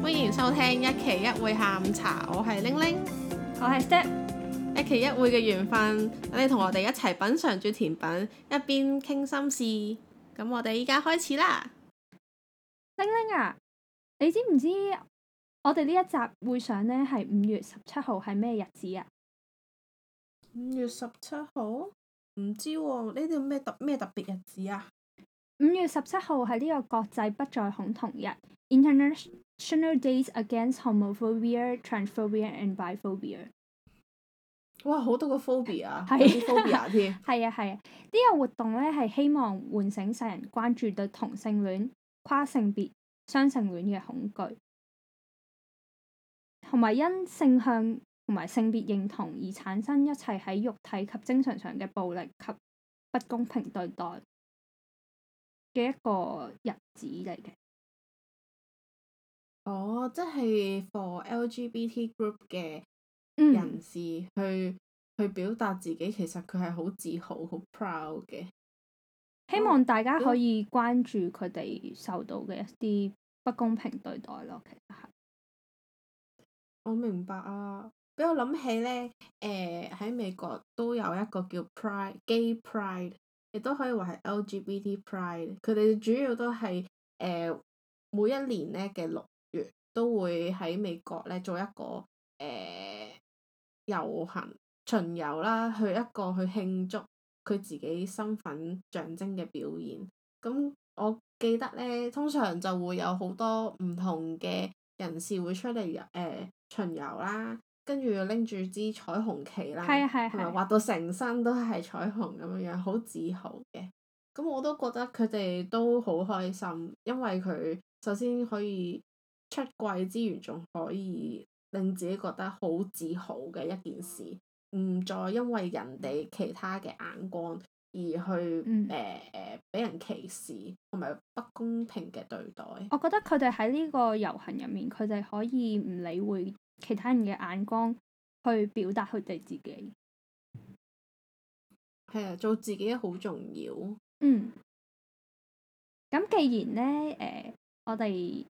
歡迎收聽一期一會下午茶，我係玲玲，我係 Step。一期一會嘅緣分，等你同我哋一齊品嘗住甜品，一邊傾心事。咁我哋依家開始啦。玲玲啊，你知唔知我哋呢一集會上呢？係五月十七號係咩日子啊？五月十七號，唔知喎、啊，呢啲咩特咩特別日子啊？五月十七號係呢個國際不再恐同日，International Days Against Homophobia, Transphobia and Biphobia。哇！好多個 phobia phobia 添 啊，係啊係啊，呢、啊啊呢個活動咧係希望喚醒世人關注對同性戀、跨性別、雙性戀嘅恐懼，同埋因性向，同埋性別認同而產生一切喺肉體及精神上嘅暴力及不公平對待嘅一個日子嚟嘅。哦，即係 for LGBT group 嘅人士去、mm. 去表達自己，其實佢係好自豪、好 proud 嘅。希望大家可以關注佢哋受到嘅一啲不公平對待咯，其實係。我明白啊。俾我諗起咧，誒、呃、喺美國都有一個叫 Pride、Gay Pride，亦都可以話係 LGBT Pride。佢哋主要都係誒、呃、每一年咧嘅六月都會喺美國咧做一個誒、呃、遊行巡遊啦，去一個去慶祝佢自己身份象徵嘅表演。咁我記得咧，通常就會有好多唔同嘅人士會出嚟誒、呃、巡遊啦。跟住拎住支彩虹旗啦，同埋畫到成身都係彩虹咁樣樣，好自豪嘅。咁我都覺得佢哋都好開心，因為佢首先可以出櫃之餘，仲可以令自己覺得好自豪嘅一件事，唔再因為人哋其他嘅眼光而去誒誒俾人歧視同埋不公平嘅對待。我覺得佢哋喺呢個遊行入面，佢哋可以唔理會。其他人嘅眼光去表達佢哋自己。係啊，做自己好重要。嗯。咁既然呢，誒、呃，我哋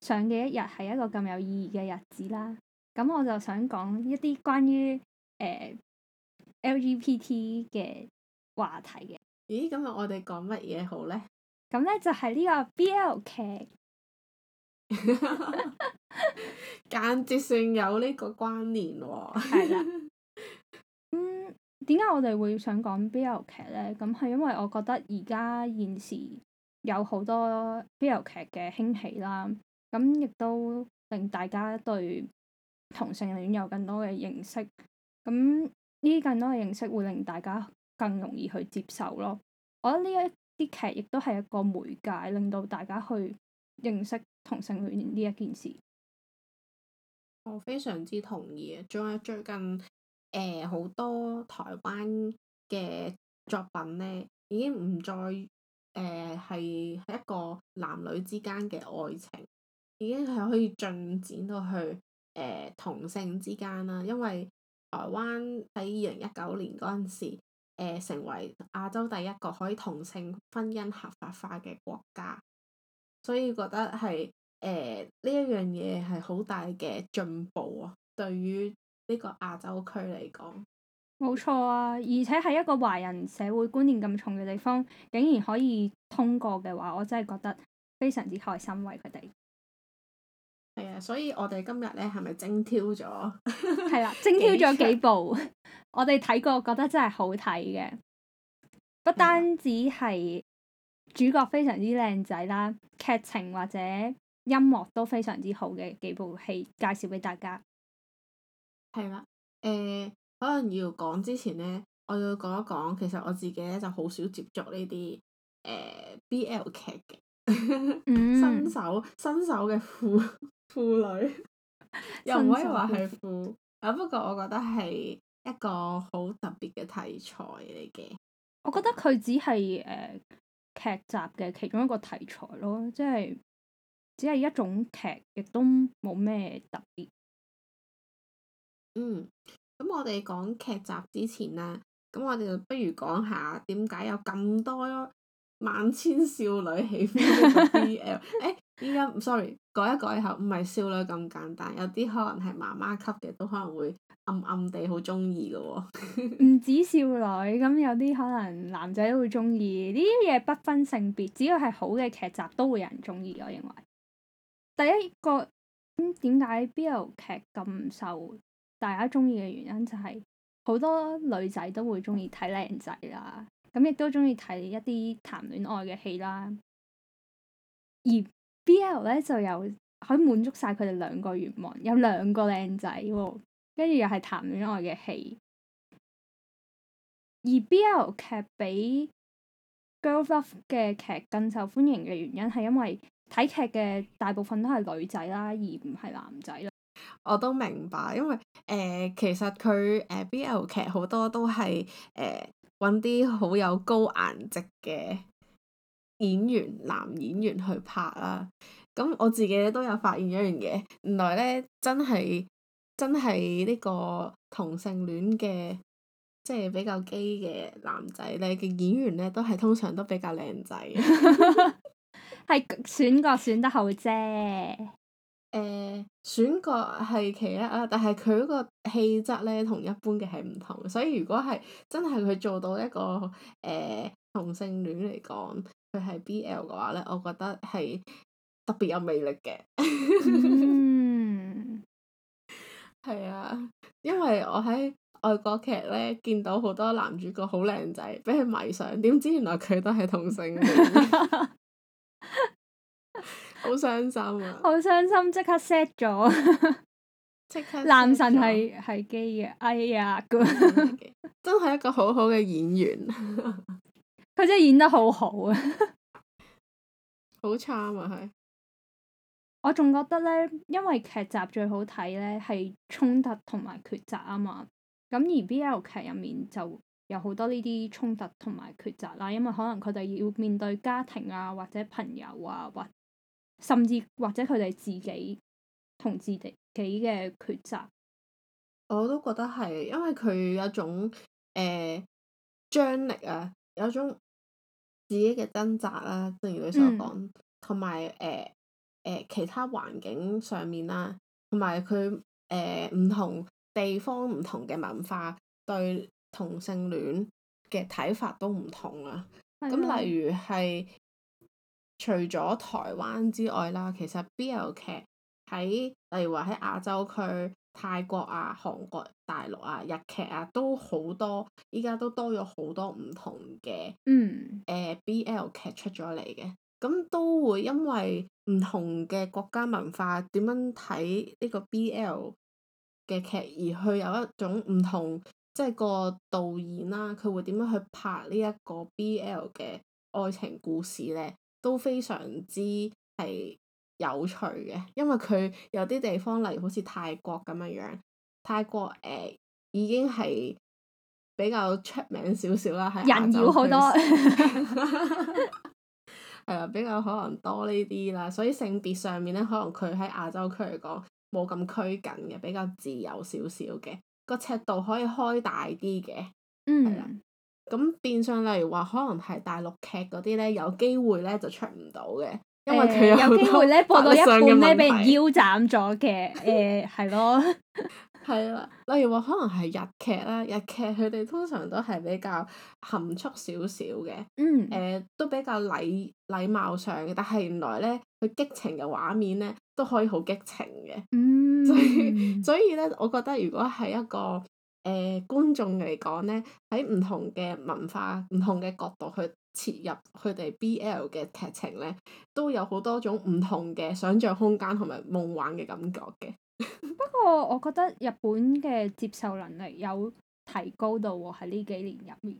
上嘅一日係一個咁有意義嘅日子啦，咁我就想講一啲關於誒、呃、LGBT 嘅話題嘅。咦，咁啊，我哋講乜嘢好呢？咁呢就係、是、呢個 BL 劇。 間接性有呢個關聯喎。係啦。嗯，點解我哋會想講 BL 劇呢？咁係因為我覺得而家現時有好多 BL 劇嘅興起啦，咁亦都令大家對同性戀有更多嘅認識。咁呢啲更多嘅認識會令大家更容易去接受咯。我覺得呢一啲劇亦都係一個媒介，令到大家去認識同性戀呢一件事，我非常之同意啊！仲有最近誒好、呃、多台灣嘅作品呢，已經唔再誒係係一個男女之間嘅愛情，已經係可以進展到去誒、呃、同性之間啦。因為台灣喺二零一九年嗰陣時、呃，成為亞洲第一個可以同性婚姻合法化嘅國家。所以覺得係誒呢一樣嘢係好大嘅進步啊！對於呢個亞洲區嚟講，冇錯啊！而且喺一個華人社會觀念咁重嘅地方，竟然可以通過嘅話，我真係覺得非常之開心為，為佢哋係啊！所以我哋今日咧係咪精挑咗？係啦，精挑咗幾部， 我哋睇過，覺得真係好睇嘅，不單止係。主角非常之靚仔啦，劇情或者音樂都非常之好嘅幾部戲介紹俾大家。係啦，誒、呃，可能要講之前呢，我要講一講，其實我自己呢就好少接觸呢啲誒 B.L. 劇嘅， 新手 新手嘅腐腐女，又唔可以話係腐，啊，不過我覺得係一個好特別嘅題材嚟嘅。我覺得佢只係誒。呃劇集嘅其中一個題材咯，即係只係一種劇，亦都冇咩特別。嗯，咁我哋講劇集之前咧，咁我哋就不如講下點解有咁多萬千少女喜歡嘅 BL，誒。 依家、yeah, sorry 改一改下，唔係少女咁簡單，有啲可能係媽媽級嘅，都可能會暗暗地好中意嘅喎。唔止少女，咁有啲可能男仔都會中意，呢啲嘢不分性別，只要係好嘅劇集都會有人中意。我認為第一個咁點解 BL 劇咁受大家中意嘅原因就係、是、好多女仔都會中意睇靚仔啦，咁亦都中意睇一啲談戀愛嘅戲啦，而 B.L. 咧就有可以滿足晒佢哋兩個願望，有兩個靚仔喎，跟住又係談戀愛嘅戲。而 B.L. 劇劇比 Girl Love 嘅劇更受歡迎嘅原因係因為睇劇嘅大部分都係女仔啦，而唔係男仔啦。我都明白，因為誒、呃、其實佢誒、呃、B.L. 劇好多都係誒揾啲好有高顏值嘅。演員，男演員去拍啦。咁我自己都有發現一樣嘢，原來呢真係真係呢個同性戀嘅，即係比較基嘅男仔咧嘅演員呢都係通常都比較靚仔， 係選角選得好啫。誒、嗯，選角係其一啦，但係佢嗰個氣質咧同一般嘅係唔同，所以如果係真係佢做到一個誒、呃、同性戀嚟講，佢係 BL 嘅話呢，我覺得係特別有魅力嘅。 嗯，係 啊，因為我喺外國劇呢見到好多男主角好靚仔，俾佢迷上，點知原來佢都係同性戀。 好傷心啊！好 傷心，即刻 set 咗， 即刻男神係係基嘅哎呀，咁 真係一個好好嘅演員，佢 真係演得好好啊！好 差啊，係我仲覺得呢，因為劇集最好睇呢係衝突同埋抉擇啊嘛。咁而 B L 劇入面就有好多呢啲衝突同埋抉擇啦，因為可能佢哋要面對家庭啊，或者朋友啊，或甚至或者佢哋自己同自己嘅抉擇，我都覺得係，因為佢有一種誒、呃、張力啊，有一種自己嘅掙扎啦、啊，正如你所講，同埋誒誒其他環境上面啦、啊，同埋佢誒唔同地方唔同嘅文化對同性戀嘅睇法都唔同啊，咁例、嗯、如係。嗯除咗台灣之外啦，其實 BL 劇喺例如話喺亞洲區、泰國啊、韓國、大陸啊、日劇啊，都好多，依家都多咗好多唔同嘅，嗯，呃，BL 劇出咗嚟嘅，咁，嗯，都會因為唔同嘅國家文化點樣睇呢個 BL 嘅劇，而去有一種唔同，即係個導演啦，佢會點樣去拍呢一個 BL 嘅愛情故事呢？都非常之係有趣嘅，因為佢有啲地方，例如好似泰國咁樣樣，泰國誒、呃、已經係比較出名少少啦，喺亞洲區，係，人妖好多，係啊，比較可能多呢啲啦，所以性別上面呢，可能佢喺亞洲區嚟講冇咁拘謹嘅，比較自由少少嘅，這個尺度可以開大啲嘅。嗯。咁變相例如話，可能係大陸劇嗰啲呢，有機會呢就出唔到嘅，因為佢有好多法律上嘅問題、欸、有機會咧播到一半呢，俾人腰斬咗嘅，誒、呃、係 咯，係啦。 例如話可能係日劇啦，日劇佢哋通常都係比較含蓄少少嘅，嗯、呃，都比較禮禮貌上嘅，但係原來呢，佢激情嘅畫面呢都可以好激情嘅、嗯，所以所以咧我覺得如果係一個誒、呃、觀眾嚟講咧，喺唔同嘅文化、唔同嘅角度去切入佢哋 BL 嘅劇情咧，都有好多種唔同嘅想像空間同埋夢幻嘅感覺嘅。 不過我覺得日本嘅接受能力有提高到喎、哦，喺呢幾年入面，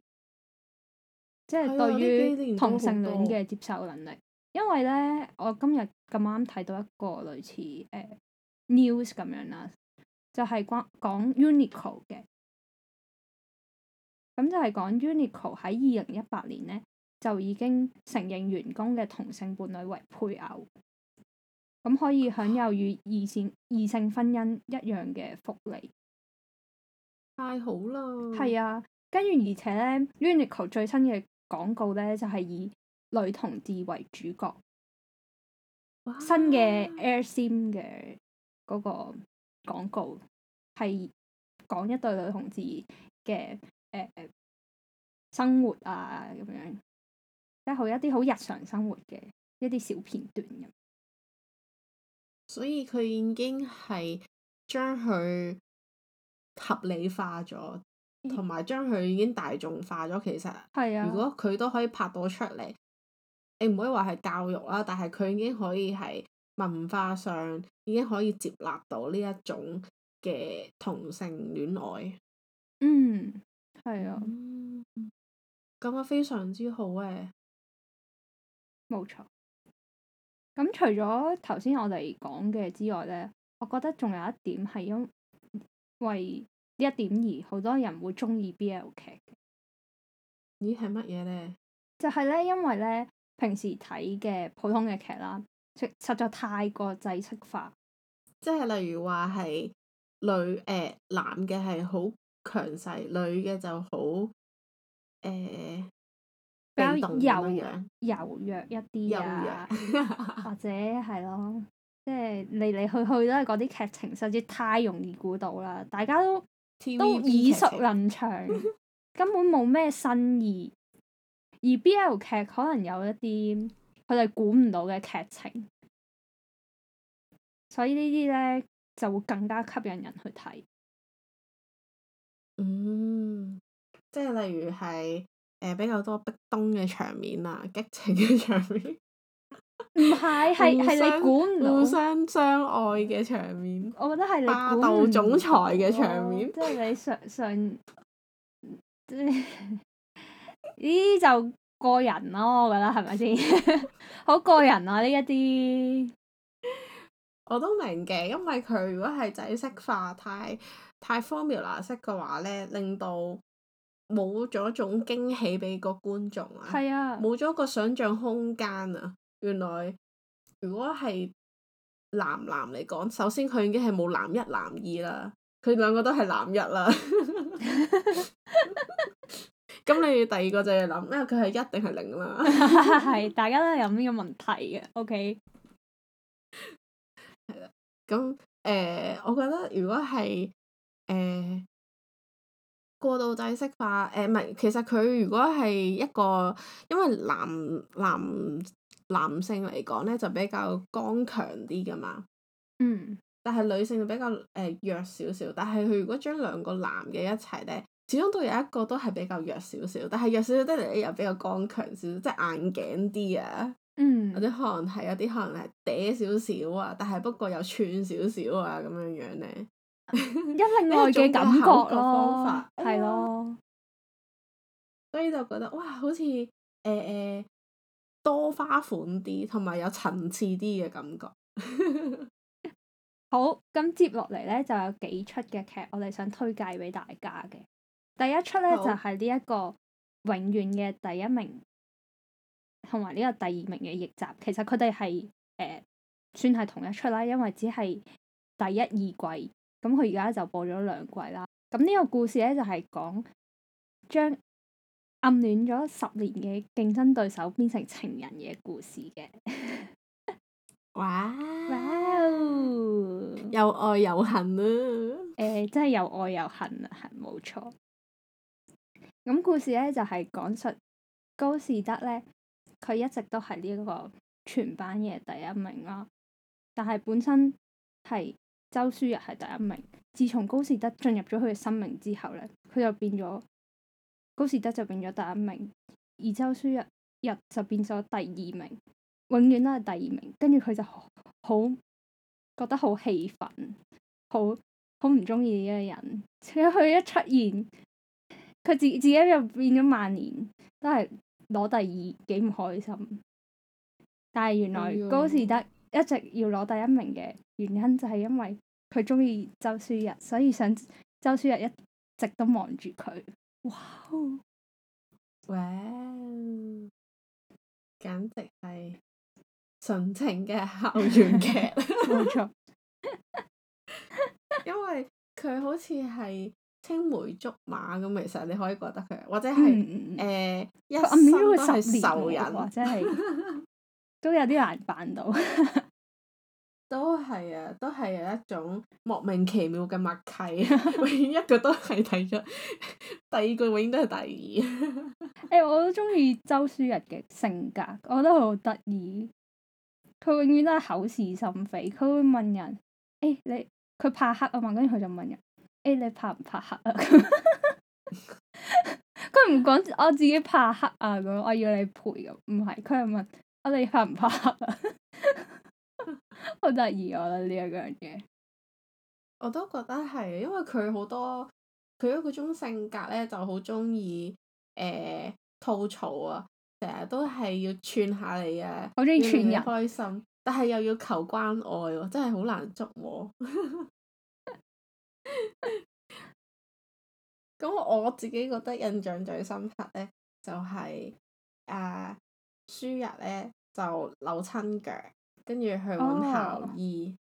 即係對於同性戀嘅接受能力。因為咧，我今日咁啱睇到一個類似誒、呃、news 咁樣啦，就係、是、關講 Uniqlo 嘅。咁就係講 Uniqlo 喺二零一八年咧，就已經承認員工嘅同性伴侶為配偶，咁可以享有與異性異性婚姻一樣嘅福利。太好啦！係啊，跟住而且咧，Uniqlo 最新嘅廣告咧就係、係、以女同志為主角，哇新嘅 Airism 嘅嗰個廣告係講一對女同志嘅。欸欸，生活啊，咁樣即係好一啲好日常生活嘅一啲小片段咁，所以佢已經係將佢合理化咗，同埋將佢已經大眾化咗。其實，係啊，如果佢都可以拍到出嚟，你唔可以話係教育啦，但係佢已經可以係文化上已經可以接納到呢一種嘅同性戀愛。嗯。係啊是、嗯，感覺非常之好嘅，冇錯。咁除咗頭先我哋講嘅之外咧，我覺得仲有一點係因，因為呢一點而好多人會中意 BL 劇嘅。咦？係乜嘢咧？就係咧，因為咧，平時睇嘅普通嘅劇啦，實在太過制式化，即係例如話係女誒、呃、男嘅係好。強勢女嘅就好，誒、呃，比較柔弱，樣柔弱一啲啊，柔弱 或者係咯，即係嚟嚟去去都係嗰啲劇情，實在太容易估到啦，大家都都 TV G 耳熟能詳，嗯、哼根本冇咩新意。而 B L 劇可能有一啲佢哋估唔到嘅劇情，所以呢啲呢就會更加吸引人去睇。即係例如係誒、呃、比較多壁咚嘅場面啊，激情嘅場面，唔係係係你管唔到互相相愛嘅場面。我覺得係霸道總裁嘅場面，即係你上上即係呢啲就個人咯，我覺得係咪先？好個人啊！呢一啲我都明嘅，因為佢如果係仔式化、太太 formula 式嘅話咧，令到冇咗種驚喜俾個觀眾啊！冇咗、啊、個想像空間啊！原來如果係男男嚟講，首先佢已經係冇男一男二啦，佢兩個都係男一啦。咁你第二個就要諗，因為佢係一定係零啦。係 ，大家都係諗呢個問題嘅。OK。係咁誒，我覺得如果係誒。嗯過度制式化，誒唔係，其實佢如果係一個，因為男男男性嚟講咧就比較剛強啲㗎嘛，嗯，但係女性就比較誒、呃、弱少少，但係佢如果將兩個男嘅一齊咧，始終都有一個都係比較弱少少，但係弱少少得嚟咧又比較剛強少少，即、就、係、是、硬頸啲啊，嗯，或者可能係有啲可能係嗲少少啊，但係不過又串少少啊咁樣樣咧。一另 外嘅感覺咯，係 咯，所以就覺得哇，好似誒誒多花款啲，同埋有，有層次啲嘅感覺。 好，咁接落嚟呢就有幾出嘅劇，我哋想推介俾大家嘅。第一出呢，好就係呢一個永遠嘅第一名，同埋呢個第二名嘅逆襲。其實佢哋係誒算係同一出啦，因為只係第一二季。咁佢而家就播咗兩季啦。咁呢個故事呢，就係、是、講將暗戀咗十年嘅競爭對手變成情人嘅故事嘅。哇 Wow, Wow！哇哦、啊！又愛又恨咯。誒，真係又愛又恨、啊，係冇錯。咁故事呢，就係、是、講述高士德呢，佢一直都係呢個全班嘅第一名咯、啊。但係本身係。周書逸係第一名。自從高士德進入咗佢嘅生命之後咧，佢就變咗高士德就變咗第一名，而周書逸日日就變咗第二名，永遠都係第二名。跟住佢就好覺得好氣憤，好好唔中意呢個人。且佢一出現，佢自自己又變咗萬年，都係攞第二，幾唔開心。但係原來高士德一直要攞第一名嘅。原因就係因為佢中意周書逸，所以想周書逸一直都望住佢。哇哦！簡直係純情嘅校園劇。冇錯。因為佢好似係青梅竹馬咁，其實你可以覺得佢，或者係誒、嗯呃、一生都十人，或者係都有啲難辦到。都係啊，都係有一種莫名其妙嘅默契啊！永遠 一個都係第一，第二個永遠都係第二。誒、欸，我好中意周書逸嘅性格，我覺得佢好得意。佢永遠都係口是心非，佢會問人：誒、欸、你佢怕黑啊嘛？跟住佢就問人：誒、欸、你怕唔怕黑啊？佢唔講我自己怕黑啊，我我要你陪咁，唔係佢係問我哋怕唔怕黑啊？ 好得意，我覺得呢一樣嘢，這個、我都覺得係，因為佢好多佢嗰個種性格呢就好中意誒、吐槽啊，成日都係要串下你啊，好中意串人，開心，但係又要求關愛喎、啊，真係好難捉摸。咁 我自己覺得印象最深刻呢，就係、是、啊書逸咧就扭親腳。跟住去揾校醫，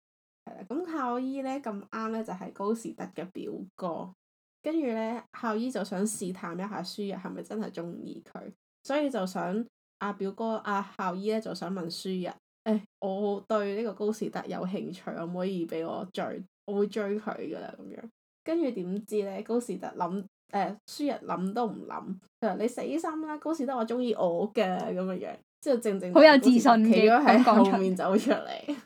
係啦、哦。咁校醫呢？咁啱呢，就係高士德嘅表哥。跟住呢，校醫就想試探一下輸日係咪真係中意佢，所以就想阿、啊、表哥阿、啊、校醫呢，就想問輸日。哎、誒，我對呢個高士德有興趣，可唔可以俾我追？我會追佢噶啦咁樣。跟住點知呢？高士德諗誒，輸日諗都唔諗，佢話你死心啦！高士德話我中意我嘅。」咁嘅樣。即係靜靜好有自信嘅，企咗喺後面走出嚟，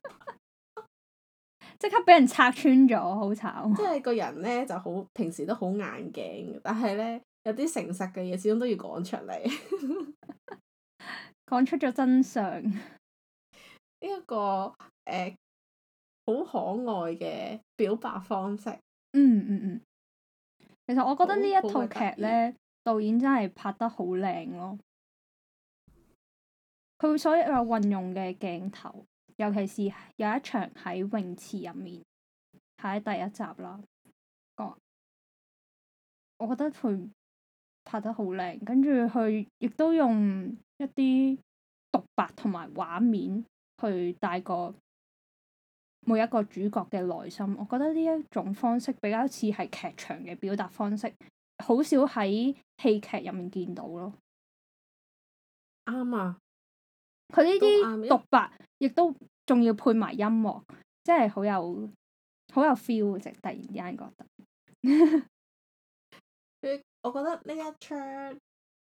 即 刻俾人拆穿咗，好慘。即係個人呢就好，平時都好硬頸，但係呢，有啲誠實嘅嘢，始終都要講出嚟，講 出咗真相。呢一，這個誒，好，呃，可愛嘅表白方式。嗯嗯嗯。其實我覺得呢一套劇呢，導演真係拍得好靚咯。佢所有運用嘅鏡頭，尤其是有一場喺泳池入面，喺第一集啦，oh. 我覺得佢拍得好靚，跟住佢亦都用一啲獨白同埋畫面去帶過每一個主角嘅內心。我覺得呢一種方式比較似係劇場嘅表達方式，好少喺戲劇入面見到咯。啱啊！佢呢啲獨白，亦都仲要配埋音樂，真係好有好有 feel，即突然之間覺得。 我覺得呢一出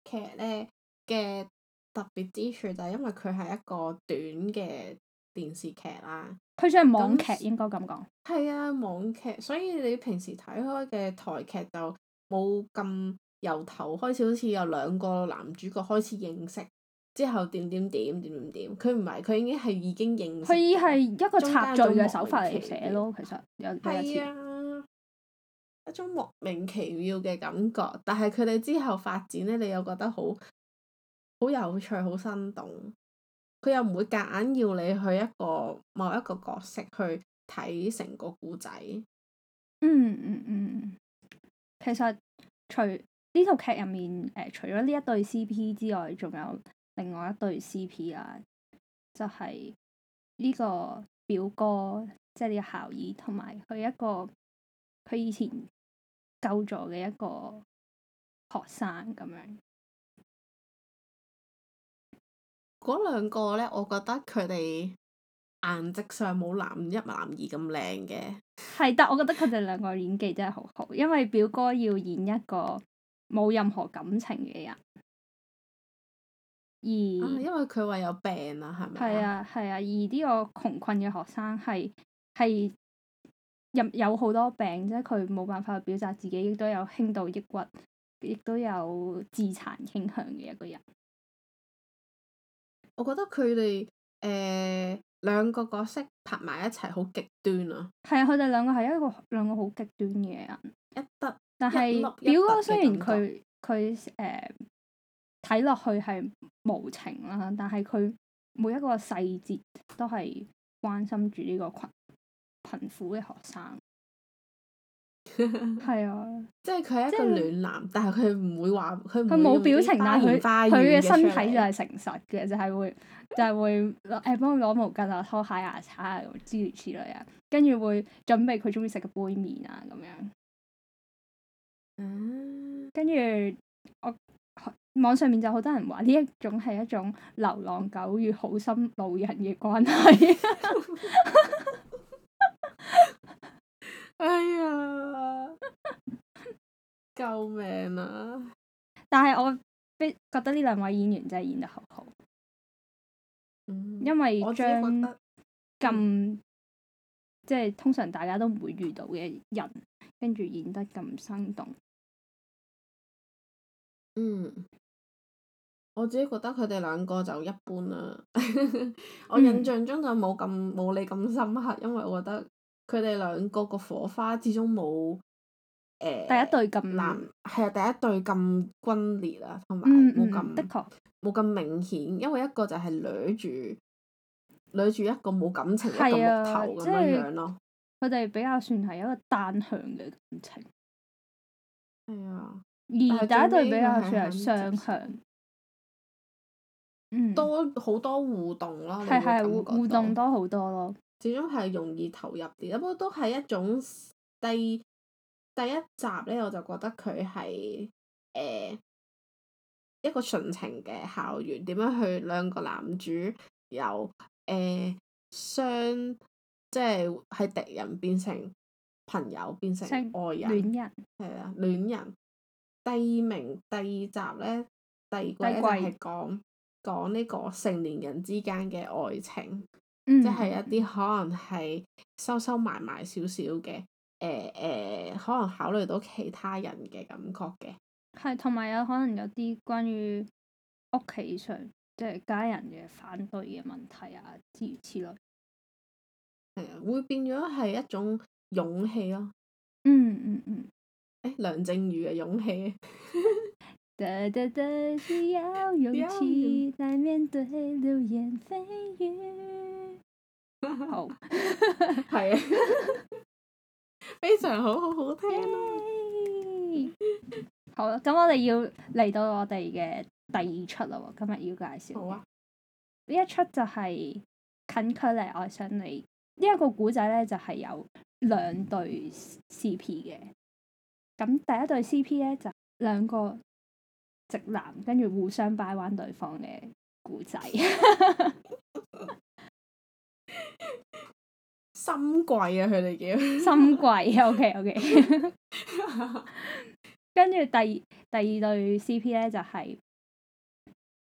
劇呢嘅特別之處就係因為佢係一個短嘅電視劇啦。佢算係網劇那應該咁講。係啊，網劇，所以你平時睇開嘅台劇就冇咁由頭開始，好似有兩個男主角開始認識。之後點點點點點點，佢唔係佢已經係已經認佢係一個插敘嘅手法嚟寫咯，有其，其實係啊，一種莫名其妙嘅感覺，但係佢哋之後發展呢，你又覺得好好有趣，好生動。佢又唔會夾硬要你去一個某一個角色去睇成個故仔。嗯。嗯嗯嗯，其實除呢套劇入面，呃，除咗呢一對 CP 之外，仲有。另外一對 C P 啦，就係呢個表哥，即係呢個校醫，同埋佢一個佢以前救助嘅一個學生咁樣。嗰兩個呢，我覺得佢哋顏值上冇男一男二咁靚嘅。係，但我覺得佢哋兩個演技真係好好， 因為表哥要演一個冇任何感情嘅人。而、啊，因為佢話有病啊，係咪？係啊，係啊。而呢個窮困嘅學生係係入有好多病，即係佢冇辦法去表達自己，亦都有輕度抑鬱，亦都有自殘傾向嘅一個人。我覺得佢哋誒兩個角色拍埋一齊好極端啊！係啊，佢哋兩個係一個兩個好極端嘅人。一得突，但係是表哥雖然佢佢誒。睇落去係無情啦、啊，但係佢每一個細節都係關心住呢個貧貧苦嘅學生，係 啊，即係佢係一個暖男，但係佢唔會話佢，冇表情、啊，但係佢佢嘅身體就係誠實嘅，就係、是、會就係、是、會誒、 哎、幫佢攞毛巾啊、拖鞋、啊、牙刷啊之類之類啊，跟住會準備佢中意食嘅杯麪啊咁樣，嗯、跟住我。網上面就好多人話呢一種係一種流浪狗與好心路人嘅關係。 哎呀！救命啊！但係我 f 覺得呢兩位演員真係演得好好，嗯、因為將咁即係通常大家都唔會遇到嘅人，跟住演得咁生動。嗯。我自己覺得佢哋兩個就一般啦， 我印象中就冇咁冇你咁深刻，因為我覺得佢哋兩個個火花始終冇誒第一對咁難，係啊第一對咁轟烈啊，同埋冇咁的確冇咁明顯，因為一個就係掠住掠住一個冇感情嘅、啊、木頭咁樣是樣咯，佢哋比較算係一個單向嘅感情，係啊，而第一對比較算係雙向。多好多互動咯，嗯、你會感覺到是互動多好多咯。始終係容易投入啲，不過都係一種第第一集呢，我就覺得佢係誒一個純情嘅校園點樣去兩個男主由誒相即係係敵人變成朋友變成愛人，戀人？係啊戀人。嗯、第二名第二集呢，第二個第第季咧係講，講呢個成年人之間嘅愛情，嗯、即係一啲可能係收收埋埋少少嘅，誒、呃、誒、呃，可能考慮到其他人嘅感覺嘅。係，同埋有可能有啲關於屋企上即係家人嘅反對嘅問題啊，諸如此類。嗯、會變咗係一種勇氣咯。嗯嗯嗯。誒、嗯嗯欸，梁靜茹嘅勇氣。 得得得，需要勇氣嚟面對流言蜚語。 好，係啊，非常好好好聽好啦，咁我哋要嚟到我哋嘅第二出啦。今日要介紹。好啊。呢一出就係近距離愛上你》呢個。呢一個古仔咧，就係有兩對 C P 嘅。咁第一對 C P 咧，就係兩個。直男跟住互相掰彎對方嘅故仔， 心貴啊佢哋叫，心貴鬼。O K O K。跟住第第二對 C P 咧就係、是，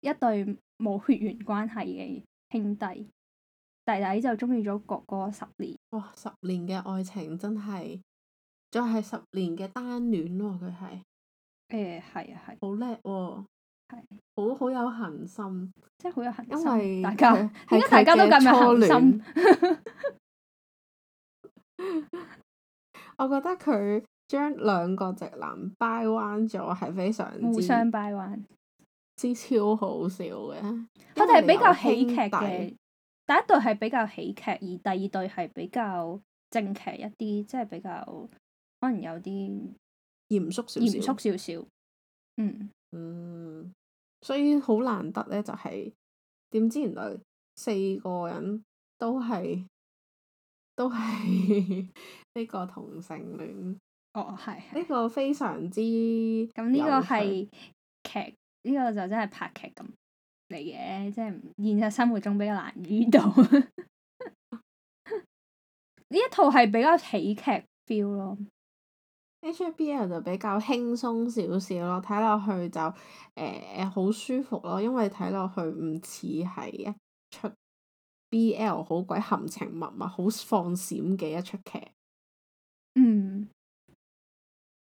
一對冇血緣關係嘅兄弟，弟弟就中意咗哥哥十年。哇、哦！十年嘅愛情真係，再係十年嘅單戀咯，佢係。誒係、欸、啊係，啊啊好叻喎、哦，係、啊，好好有恒心，即係好有恒心。因為大家點解大家都咁有恆心？ 我覺得佢將兩個直男掰彎咗係非常之，互相掰彎，先超好笑嘅。佢哋係比較喜劇嘅，第一對係比較喜劇，而第二對係比較正劇一啲，即係比較，可能有啲。嚴肅少少，嚴肅少少，嗯，嗯所以好難得呢。就係、是、點知原來四個人都係都係呢個同性戀，哦係，呢個非常之咁呢個係劇，呢、呢個就真係拍劇咁嚟嘅，即、就、係、是、現實生活中比較難遇到呢 一套係比較喜劇 feel 咯。HBL 就比較輕鬆少少咯，睇落去就誒好、呃、舒服咯，因為睇落去唔似係一出 BL，好鬼含情脈脈，好放閃嘅一出劇。嗯，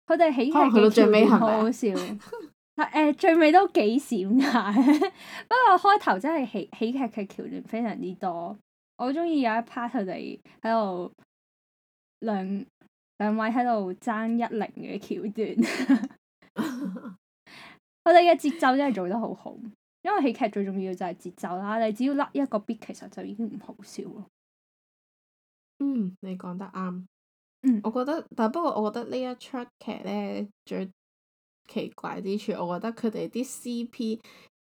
佢哋喜劇去、啊、到最尾好好笑，但係誒最尾都幾閃嘅， 不過開頭真係喜喜劇嘅橋段非常之多。我中意有一 part 佢哋喺度兩。兩兩位喺度爭一零嘅橋段，佢哋嘅節奏真係做得好好，因為喜劇最重要就係節奏啦。你只要甩一個 beat，其實就已經唔好笑咯。嗯，你講得啱。嗯，我覺得，但不過我，我覺得呢一齣劇咧最奇怪之處，我覺得佢哋啲 CP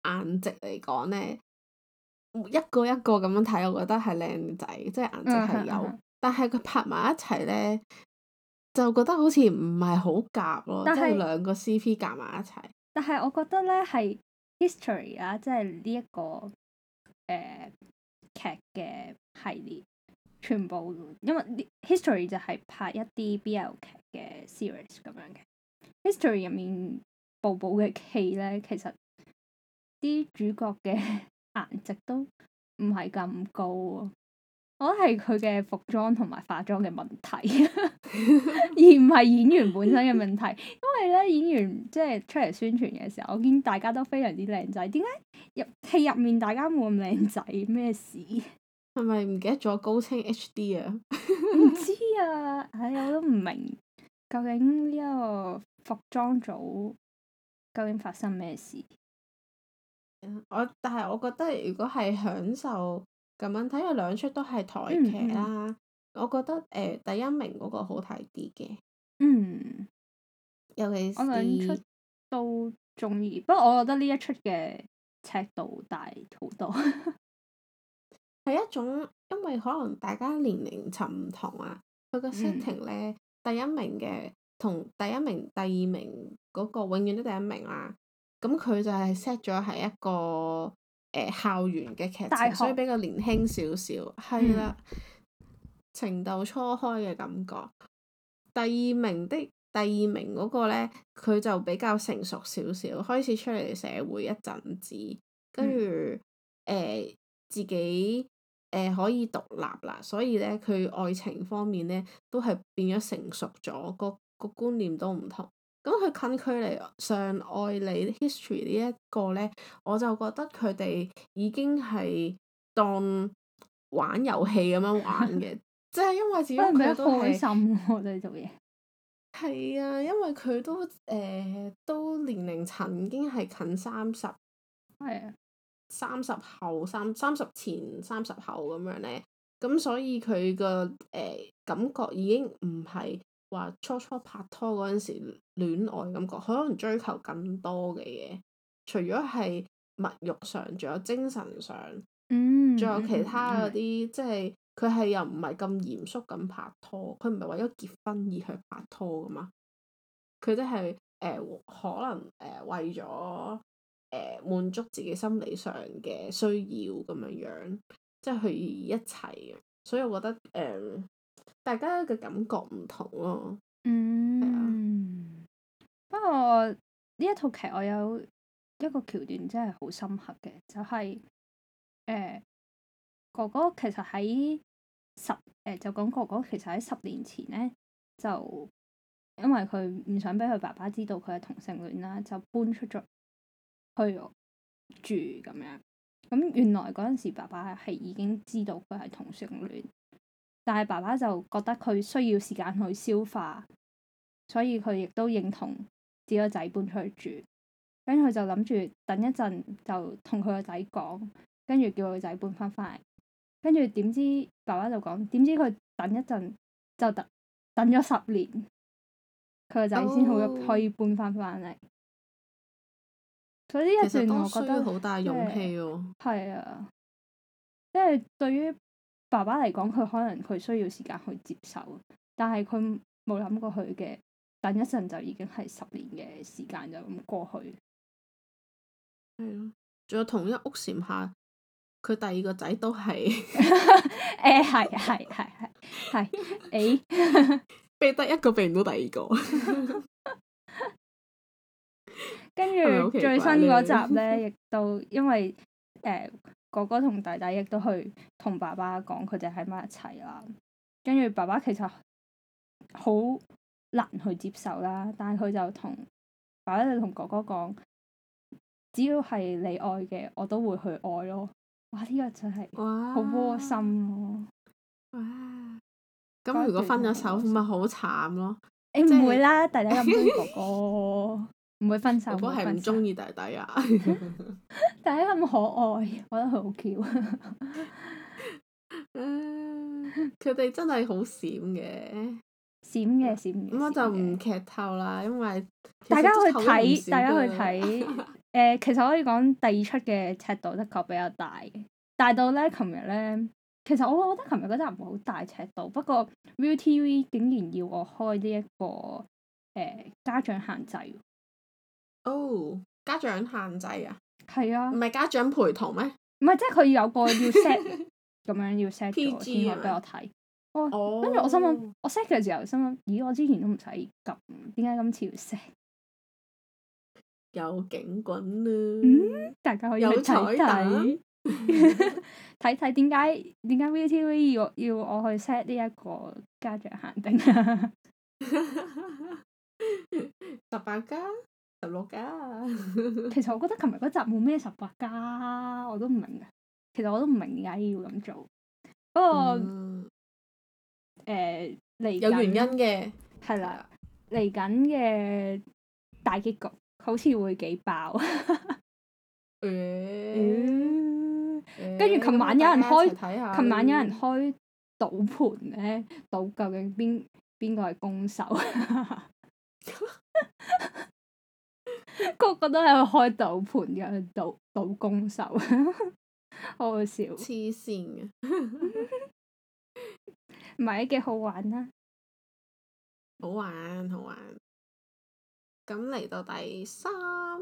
顏值嚟講咧，一個一個咁樣睇，我覺得係靚仔，即係顏值係有，嗯嗯嗯嗯、但係佢拍埋一齊咧。就覺得好似唔係好夾咯，即係兩個 CP 夾埋一齊。但係我覺得咧，係 History 啊，即係呢一個誒劇嘅系列，全部因為 History 就係拍一啲 BL 劇嘅 series 咁樣嘅。History 入面部部嘅戲咧，其實啲主角嘅顏值都唔係咁高啊。我諗係佢嘅服裝同埋化妝嘅問題， 而唔係演員本身嘅問題。 因為呢演員即係、就是、出嚟宣傳嘅時候，我見大家都非常之靚仔。點解入戲入面大家冇咁靚仔？咩事？係咪唔記得咗高清 HD 啊？唔 知啊，唉，我都唔明究竟呢一個服裝組究竟發生咩事？我但係我覺得如果係享受。咁樣睇，有兩出都係台劇啦。嗯、我覺得誒、呃、第一名嗰個好睇啲嘅。嗯，尤其是兩出都中意，不過我覺得呢一出嘅尺度大好多。 係一種，因為可能大家年齡層唔同啊。佢個 setting 呢，嗯、第一名嘅同第一名、第二名嗰、嗰個永遠都第一名啦、啊。咁佢就係 set 咗係一個。誒校園嘅劇情，大學。所以比較年輕少少，係啦、嗯，情竇初開嘅感覺。第二名的第二名嗰個呢，佢就比較成熟少少，開始出嚟社會一陣子，跟住誒自己誒、呃、可以獨立啦，所以呢，佢愛情方面呢，都係變咗成熟咗，個個觀念都唔同。咁佢近距離上愛你 history 呢一個呢，我就覺得佢哋已經係當玩遊戲咁樣玩嘅，即係 因為自己佢都嘢係 啊，因為佢都誒、呃、都年齡層已經係近三十，係 啊樂，三十後三三十前三十後咁樣呢。咁所以佢個誒感覺已經唔係。話初初拍拖嗰陣時，戀愛感覺可能追求更多嘅嘢，除咗係物欲上，仲有精神上，嗯，仲有其他嗰啲，即係佢係又唔係咁嚴肅咁拍拖，佢唔係為咗結婚而去拍拖噶嘛，佢即係誒可能誒、呃、為咗誒滿足自己心理上嘅需要咁樣樣，即係去一齊，所以我覺得誒。呃大家嘅感覺唔同咯、啊，嗯，吧嗯，不過呢一套劇我有一個橋段真係好深刻嘅，就係、是、誒、呃、哥哥其實喺十誒、呃、就講哥哥其實喺十年前咧，就因為佢唔想俾佢爸爸知道佢係同性戀啦，就搬出咗去住咁樣。咁原來嗰陣時爸爸係已經知道佢係同性戀。但係爸爸就覺得佢需要時間去消化，所以佢亦都認同自己個仔搬出去住，跟住佢就諗住等一陣就同佢個仔講，跟住叫佢個仔搬翻翻嚟。跟住點知爸爸就講，點知佢等一陣就等等咗十年，佢個仔先可以搬翻翻嚟。Oh, 所以呢一段我覺得好大勇氣喎、哦。係啊，即係、啊就是、對於。爸爸嚟講，佢可能佢需要時間去接受，但係佢冇諗過佢嘅等一陣就已經係十年嘅時間就咁過去。仲 有同一屋檐下，佢第二個仔都係誒、 欸，係係係係係誒， 欸、 避得一個避唔到第二個。 跟住着最新嗰集呢，亦都因為誒。呃哥哥同弟弟亦都去同爸爸講佢哋喺埋一齊啦，跟住爸爸其實好難去接受啦，但係佢就同爸爸就同哥哥講，只要係你愛嘅，我都會去愛咯。哇！呢、這個真係好窩心喎、啊。咁如果分咗手，咪好慘咯。你唔會啦，弟弟咁中意哥哥。唔會分手，不過係唔中意弟弟啊！弟弟咁可愛，我覺得佢好 Q。佢 哋、嗯、真係好閃嘅，閃嘅閃嘅。咁我就唔劇透啦，因為大家去睇，大家去睇。誒、 呃，其實可以講第二出嘅尺度的確比較大嘅，大到呢，琴日呢，其實我我覺得琴日嗰集唔係好大尺度，不過 Viu TV 竟然要我開呢、這、一個誒、呃、家長限制。哦，oh, 家長限制啊，係啊，唔係家長陪同咩？唔係，即係佢有個要 set 咁 樣要 set P G 俾我睇。哇、啊，跟住、oh, 我心諗，我 set 嘅時候心諗，咦，我之前都唔使咁，點解今次要 set？有警棍啦！嗯，大家可以睇睇睇睇點解點解 V T V 要要我去 set 呢一個家長限定？ 十八加。十六家，啊、 其實我覺得琴日嗰集冇咩十八家，我都唔明嘅。其實我都唔明點解要咁做，不過誒嚟、嗯欸、有原因嘅，係啦，嚟緊嘅大結局好似會幾爆，跟住琴晚有人開，琴、欸那個、晚有人開賭盤咧，賭究竟邊邊個係攻受。 個個都係開賭盤嘅賭賭攻手，好好笑。黐線嘅，唔係啊，幾好玩啊！好玩好玩。咁嚟到第三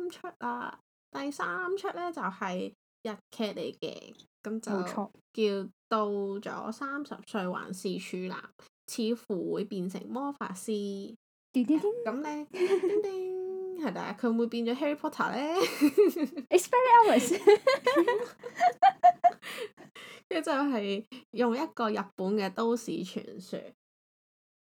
出啊，第三出呢就係日劇嚟嘅，咁就冇錯，叫到咗三十歲還是處男，似乎會變成魔法師。咁咧。嗯係啦，佢會唔會變咗 Harry Potter 咧。Experioners，跟係用一個日本嘅都市傳說，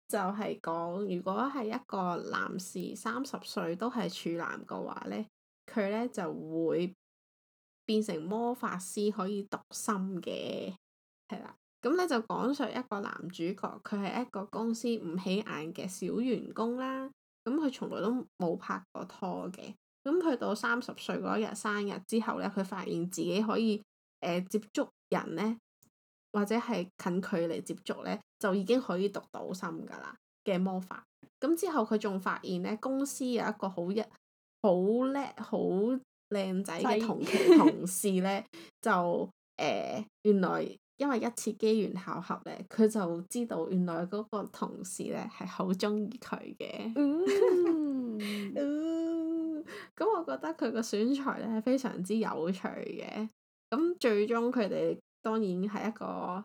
就係講如果係一個男士三十歲都係處男嘅話咧，佢咧就會變成魔法師，可以讀心嘅。係啦，咁咧就講述一個男主角，佢係一個公司唔起眼嘅小員工啦。咁佢從來都冇拍過拖嘅，咁佢到三十歲嗰日生日之後咧，佢發現自己可以誒、呃、接觸人咧，或者係近距離接觸咧，就已經可以讀到心噶啦嘅魔法。咁之後佢仲發現咧，公司有一個好一好叻好靚仔嘅同期是的 同事咧，就誒、呃、原來。因為一次機緣巧合呢，佢就知道原來嗰個同事呢係好中意佢嘅。咁、 嗯嗯、我覺得佢個選材呢，非常之有趣嘅。咁最終佢哋當然係一個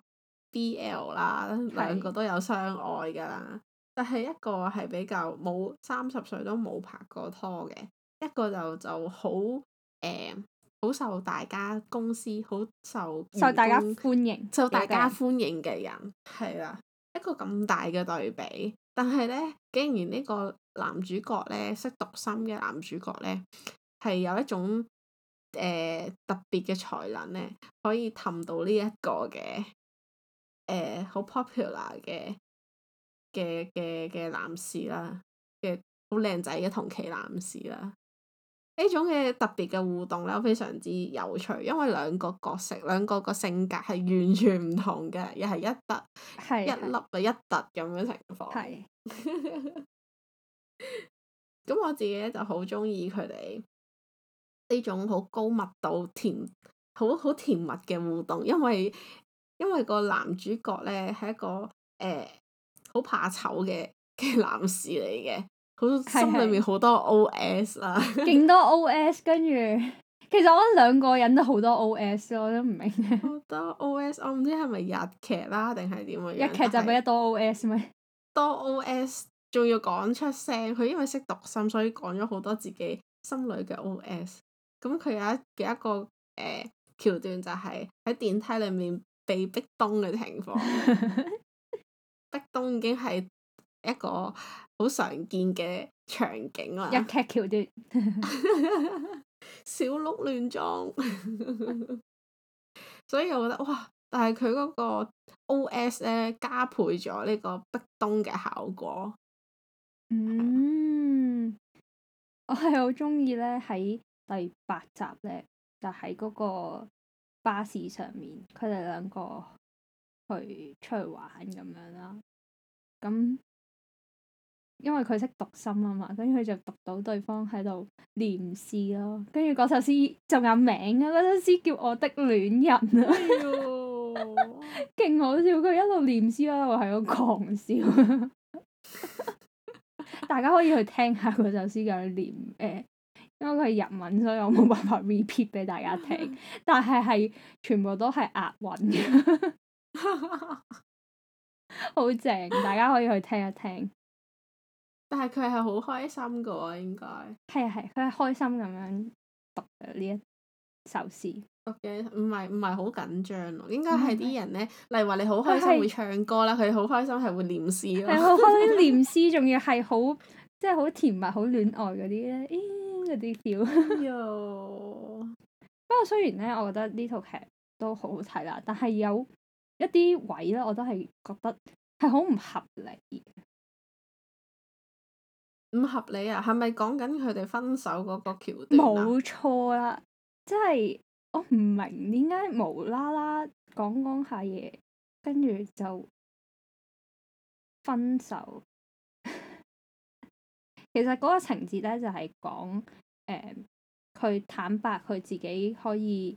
BL 啦，是兩個都有相愛噶啦。但係一個係比較冇三十歲都冇拍過拖嘅，一個就就好誒。呃好受大家公司，好受受大家歡迎，受大家歡迎嘅人係啦，一個咁大嘅對比。但係呢，竟然呢個男主角呢，識讀心嘅男主角呢，係有一種誒、呃、特別嘅才能呢，可以氹到呢一個嘅誒好 popular 嘅嘅嘅嘅男士啦，嘅好靚仔嘅同期男士啦。呢種嘅特別嘅互動呢，非常之有趣，因為兩個角色兩個個性格係完全唔同嘅，又係一凸的一凹啊，一凸咁嘅情況。係的。咁 我自己呢就好中意佢哋呢種好高密度甜好好甜蜜嘅互動，因為因為個男主角呢係一個誒好怕醜嘅嘅男士嚟嘅。好心裏面好多 OS 啊是，勁 多 OS，跟住其實我覺得兩個人都好多 OS 咯，我都唔明好多 OS，我唔知係咪日劇啦，定係點嘅樣？日劇就咪得多 OS 咪是？多 OS，仲 要講出聲。佢因為識讀心，所以講咗好多自己心裏嘅 OS。咁佢有一有一個誒橋、呃、段，就係喺電梯裏面被壁咚嘅情況，壁咚 已經係～一個好常見嘅場景啊，日劇橋段， 小鹿亂撞，所以我覺得哇，但係佢嗰個 O.S. 咧加倍咗呢個壁咚嘅效果。嗯，吧我係好中意咧喺第八集咧，就喺、是、嗰個巴士上面，佢哋兩個去出去玩咁樣啦，咁。因為佢識讀心啊嘛，跟住佢就讀到對方喺度念詩咯。跟住嗰首詩仲有名啊，嗰首詩叫《我的戀人》啊、哎呦，勁 好笑。佢一路念詩，一路喺度狂笑。 大家可以去聽下嗰首詩嘅念誒、欸，因為佢係日文，所以我冇辦法 repeat 俾大家聽。但係係全部都係押韻，好正。大家可以去聽一聽。但係佢係好開心噶喎，應該係啊係，佢係開心咁樣讀呢一首詩，讀嘅唔係唔係好緊張咯，應該係啲人咧，例如話你好開心會唱歌啦，佢好是開心係會念詩咯，係好開心念詩，仲 要係好即係好甜蜜、好戀愛嗰啲咧，咦，嗰啲 feel。哎、呦 不過雖然咧，我覺得呢套劇都好好睇啦，但係有一啲位咧，我都係覺得係好唔合理。唔合理啊！係咪講緊佢哋分手嗰個橋段？冇錯啦，即係我唔明點解無啦啦講講下嘢，跟住就分手。 其實嗰個情節咧就係、是、講，誒、呃，佢坦白佢自己可以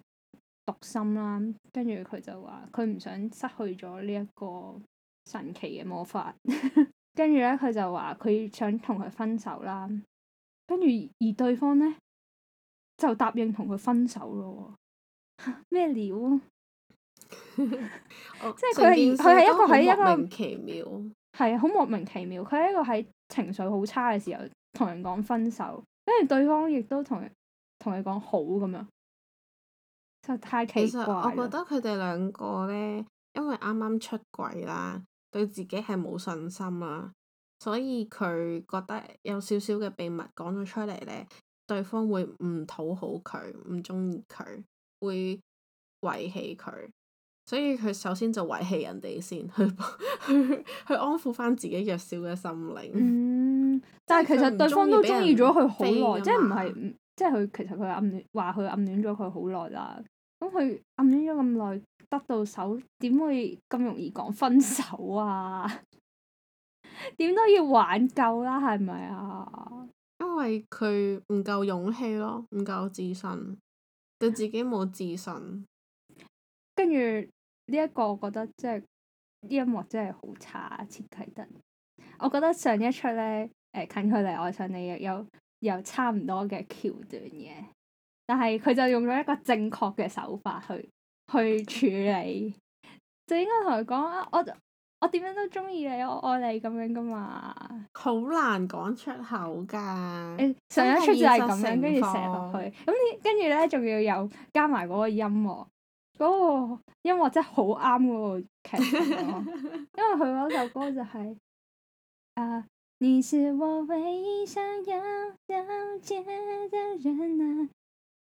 讀心啦，跟住佢就話佢唔想失去咗呢一個神奇嘅魔法。 呢跟住咧，佢就話佢想同佢分手啦。跟住而對方咧就答應同佢分手咯。咩料啊？ 我即係佢係佢係一個喺一個莫名其妙，係啊，好莫名其妙。佢係一個喺情緒好差嘅時候同人講分手，跟住對方亦都同同佢講好咁樣，就太奇怪。我覺得佢哋兩個咧，因為啱啱出軌啦。對自己係冇信心啊，所以佢覺得有少少嘅秘密講咗出嚟咧，對方會唔討好佢，唔中意佢，會遺棄佢，所以佢首先就遺棄人哋先，去去 去安撫翻自己弱小嘅心靈。嗯，但係其實對方都中意咗佢好耐，即係唔係，即係佢其實佢暗戀，話佢暗戀咗佢好耐啦。咁佢暗戀咗咁耐，得到手點會咁容易講分手啊？點 都要挽救啦，係咪啊？因為佢唔夠勇氣咯，唔夠自信，對自己冇自信。跟住呢一個，我覺得即係呢一幕真係好差設計得。我覺得上一出呢，誒近距離愛上你有有，有差唔多嘅橋段嘅。但係佢就用咗一個正確嘅手法去去處理，就應該同佢講啊！我我點樣都中意你，我愛你咁樣噶嘛，好難講出口噶。誒、欸，上一出就係咁樣，跟住寫落去，咁呢跟住咧，仲要有加埋嗰個音樂，嗰、那個音樂真係好啱嗰個劇情咯， 因為佢嗰首歌就係、是、啊， uh, 你是我唯一想要了解的人啊。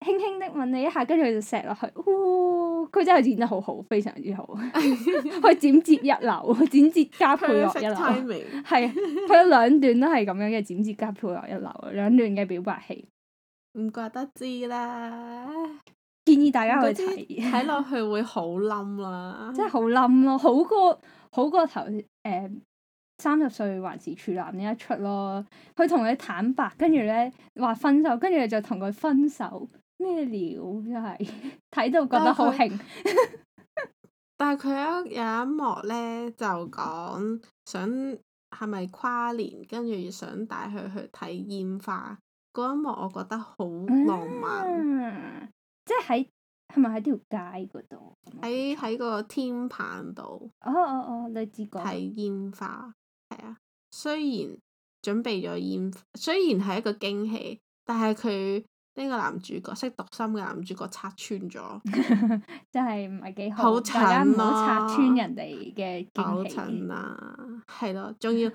輕輕的吻你一下，跟住佢就錫落去。嗚，佢真係剪得好好，非常之好。佢 剪接一流，剪接加配樂一流。係佢 Perfect timing. 有兩段都係咁樣嘅剪接加配樂一流，兩段嘅表白戲唔怪得之啦。建議大家去睇睇落去會好冧啦。即係好冧咯，好過好過頭誒，呃、三十歲還是處男呢一出咯。佢同你坦白，跟住咧話分手，跟住就同佢分手。咩料真係睇到覺得好興他， 但係佢有一幕呢，就講想係咪跨年，跟住想帶佢去睇煙花。嗰一幕我覺得好浪漫，嗯、即係喺係咪喺條街嗰度？喺喺在 個天棚度。哦哦哦，李志廣睇煙花係啊，雖然準備咗煙，雖然係一個驚喜，但係佢。呢個男主角識讀心嘅男主角拆穿咗， 真係唔係幾好。好啊，大家唔好拆穿人哋嘅驚喜。寶寶啊！係咯，仲要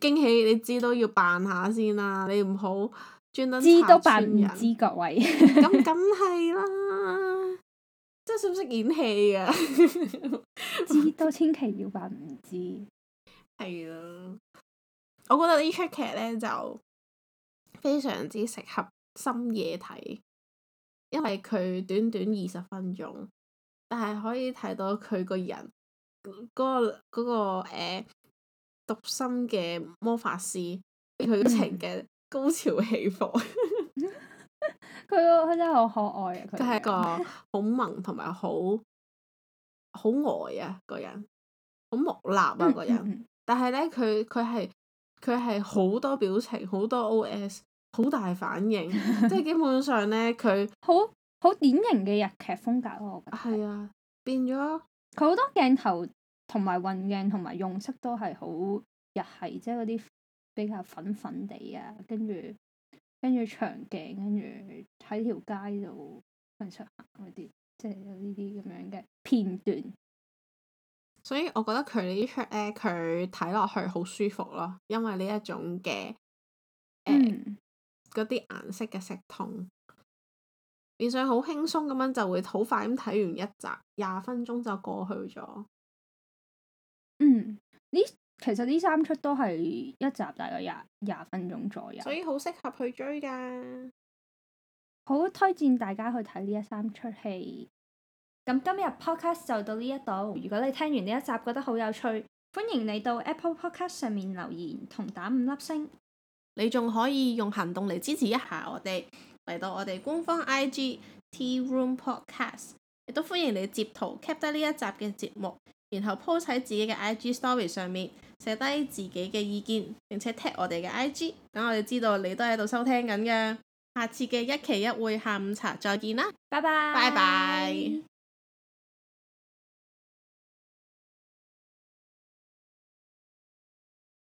驚喜你知都要扮下先啦，你唔好專登。知都扮唔知人 各位，咁梗係啦。真係識唔識演戲啊？ 知都千祈要扮唔知。係咯 我覺得呢出劇呢，就非常之適合，深夜睇，因為佢短短二十分鐘，但係可以睇到佢個人嗰個嗰個誒，獨身嘅魔法師，劇情嘅高潮起伏。佢個佢真係好可愛啊！佢係 個好萌同埋好好呆啊個人，好木訥啊個人。但係呢，佢佢係佢係好多表情，好多 O.S. 好大反應， 即係基本上咧，佢好好典型嘅日劇風格咯，啊，我覺得。係啊，啊，變咗。佢好多鏡頭同埋運鏡同埋用色都係好日系，即係嗰啲比較粉粉地啊，跟住跟住長鏡，跟住喺條街度行出行嗰啲，即係有呢啲咁樣嘅片段。所以我覺得佢呢啲劇咧，佢睇落去好舒服咯，因為呢一種嘅嗰啲顏色嘅食筒，變相好輕鬆咁樣，就會好快咁睇完一集，廿分鐘就過去咗。嗯，呢其實呢三出都係一集大概廿廿分鐘左右，所以好適合去追㗎，好推薦大家去睇呢一三出戲。咁今日 podcast 就到呢一度，如果你聽完呢一集覺得好有趣，歡迎你到 Apple Podcast 上面留言同打五粒星。你仲可以用行動嚟支持一下我哋，嚟到我哋官方 IG Tea Room Podcast，亦都歡迎你截圖 Keep 得呢一集嘅節目，然後 po 喺自己嘅 IG Story 上面，寫低自己嘅意見，並且 tag 我哋嘅 IG，咁我哋知道你都喺度收聽緊嘅。下次嘅一期一會下午茶再見啦，拜拜，拜拜。